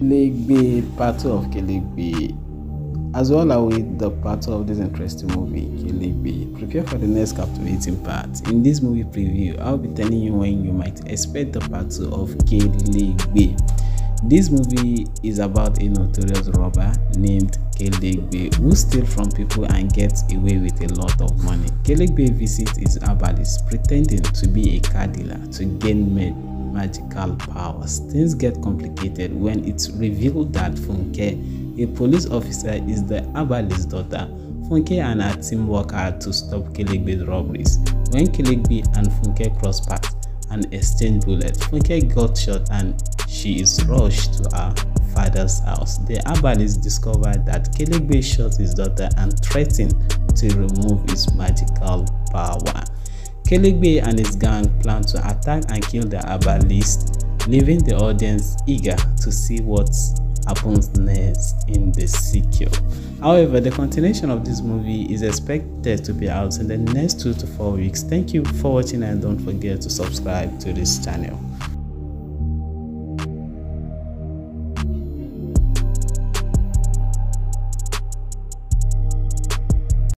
Part Battle of Kilegbe. As well as with the battle of this interesting movie, Kilegbe, prepare for the next captivating part. In this movie preview, I'll be telling you when you might expect the part battle of Kilegbe. This movie is about a notorious robber named Kelegbe who steals from people and gets away with a lot of money. Kelegbe visits his herbalist pretending to be a car dealer to gain men magical powers. Things get complicated when it's revealed that Funke, a police officer, is the Abali's daughter. Funke and her team work hard to stop Kiligbe's robberies. When Kiligbe and Funke cross paths and exchange bullets, Funke got shot and she is rushed to her father's house. The Abalis discover that Kiligbe shot his daughter and threatened to remove his magical power. Kelegbe and his gang plan to attack and kill the Abalist, leaving the audience eager to see what happens next in the sequel. However, the continuation of this movie is expected to be out in the next 2 to 4 weeks. Thank you for watching and don't forget to subscribe to this channel.